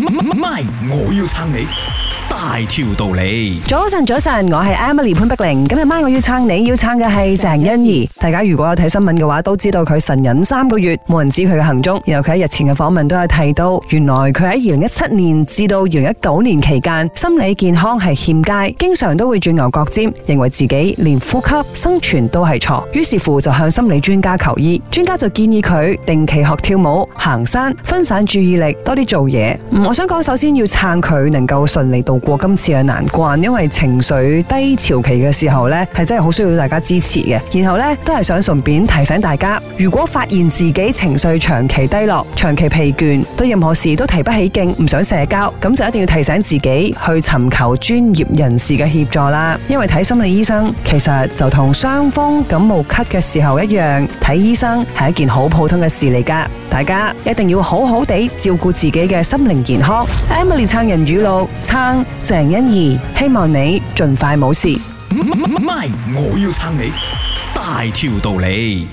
M, Y，我要撐你。大條道理，早晨早晨，我係 Emily 潘碧玲，今日晚我要撐你要撐嘅係鄭欣宜。大家如果有睇新聞嘅話，都知道佢神隱三個月，冇人知佢嘅行蹤。然後佢喺日前嘅訪問都有提到，原來佢喺二零一七年至到二零一九年期間，心理健康係欠佳，經常都會轉牛角尖，認為自己連呼吸生存都係錯，於是乎就向心理專家求醫。專家就建議佢定期學跳舞、行山，分散注意力，多啲做嘢。我想講，首先要撐佢能夠順利度。過今次嘅難關，因為情緒低潮期嘅時候呢，係真係好需要大家支持嘅。然後呢，都係想順便提醒大家，如果發現自己情緒長期低落、長期疲倦，對任何事都提不起勁，唔想社交，咁就一定要提醒自己去尋求專業人士嘅協助啦。因為睇心理醫生其實就同傷風、感冒、咳嘅時候一樣，睇醫生係一件好普通嘅事嚟噶。大家一定要好好地照顧自己嘅心靈健康。Emily 撐人語錄，撐。撐鄭欣宜，希望你盡快冇事。唔係，ye，我要撐你，大條道理。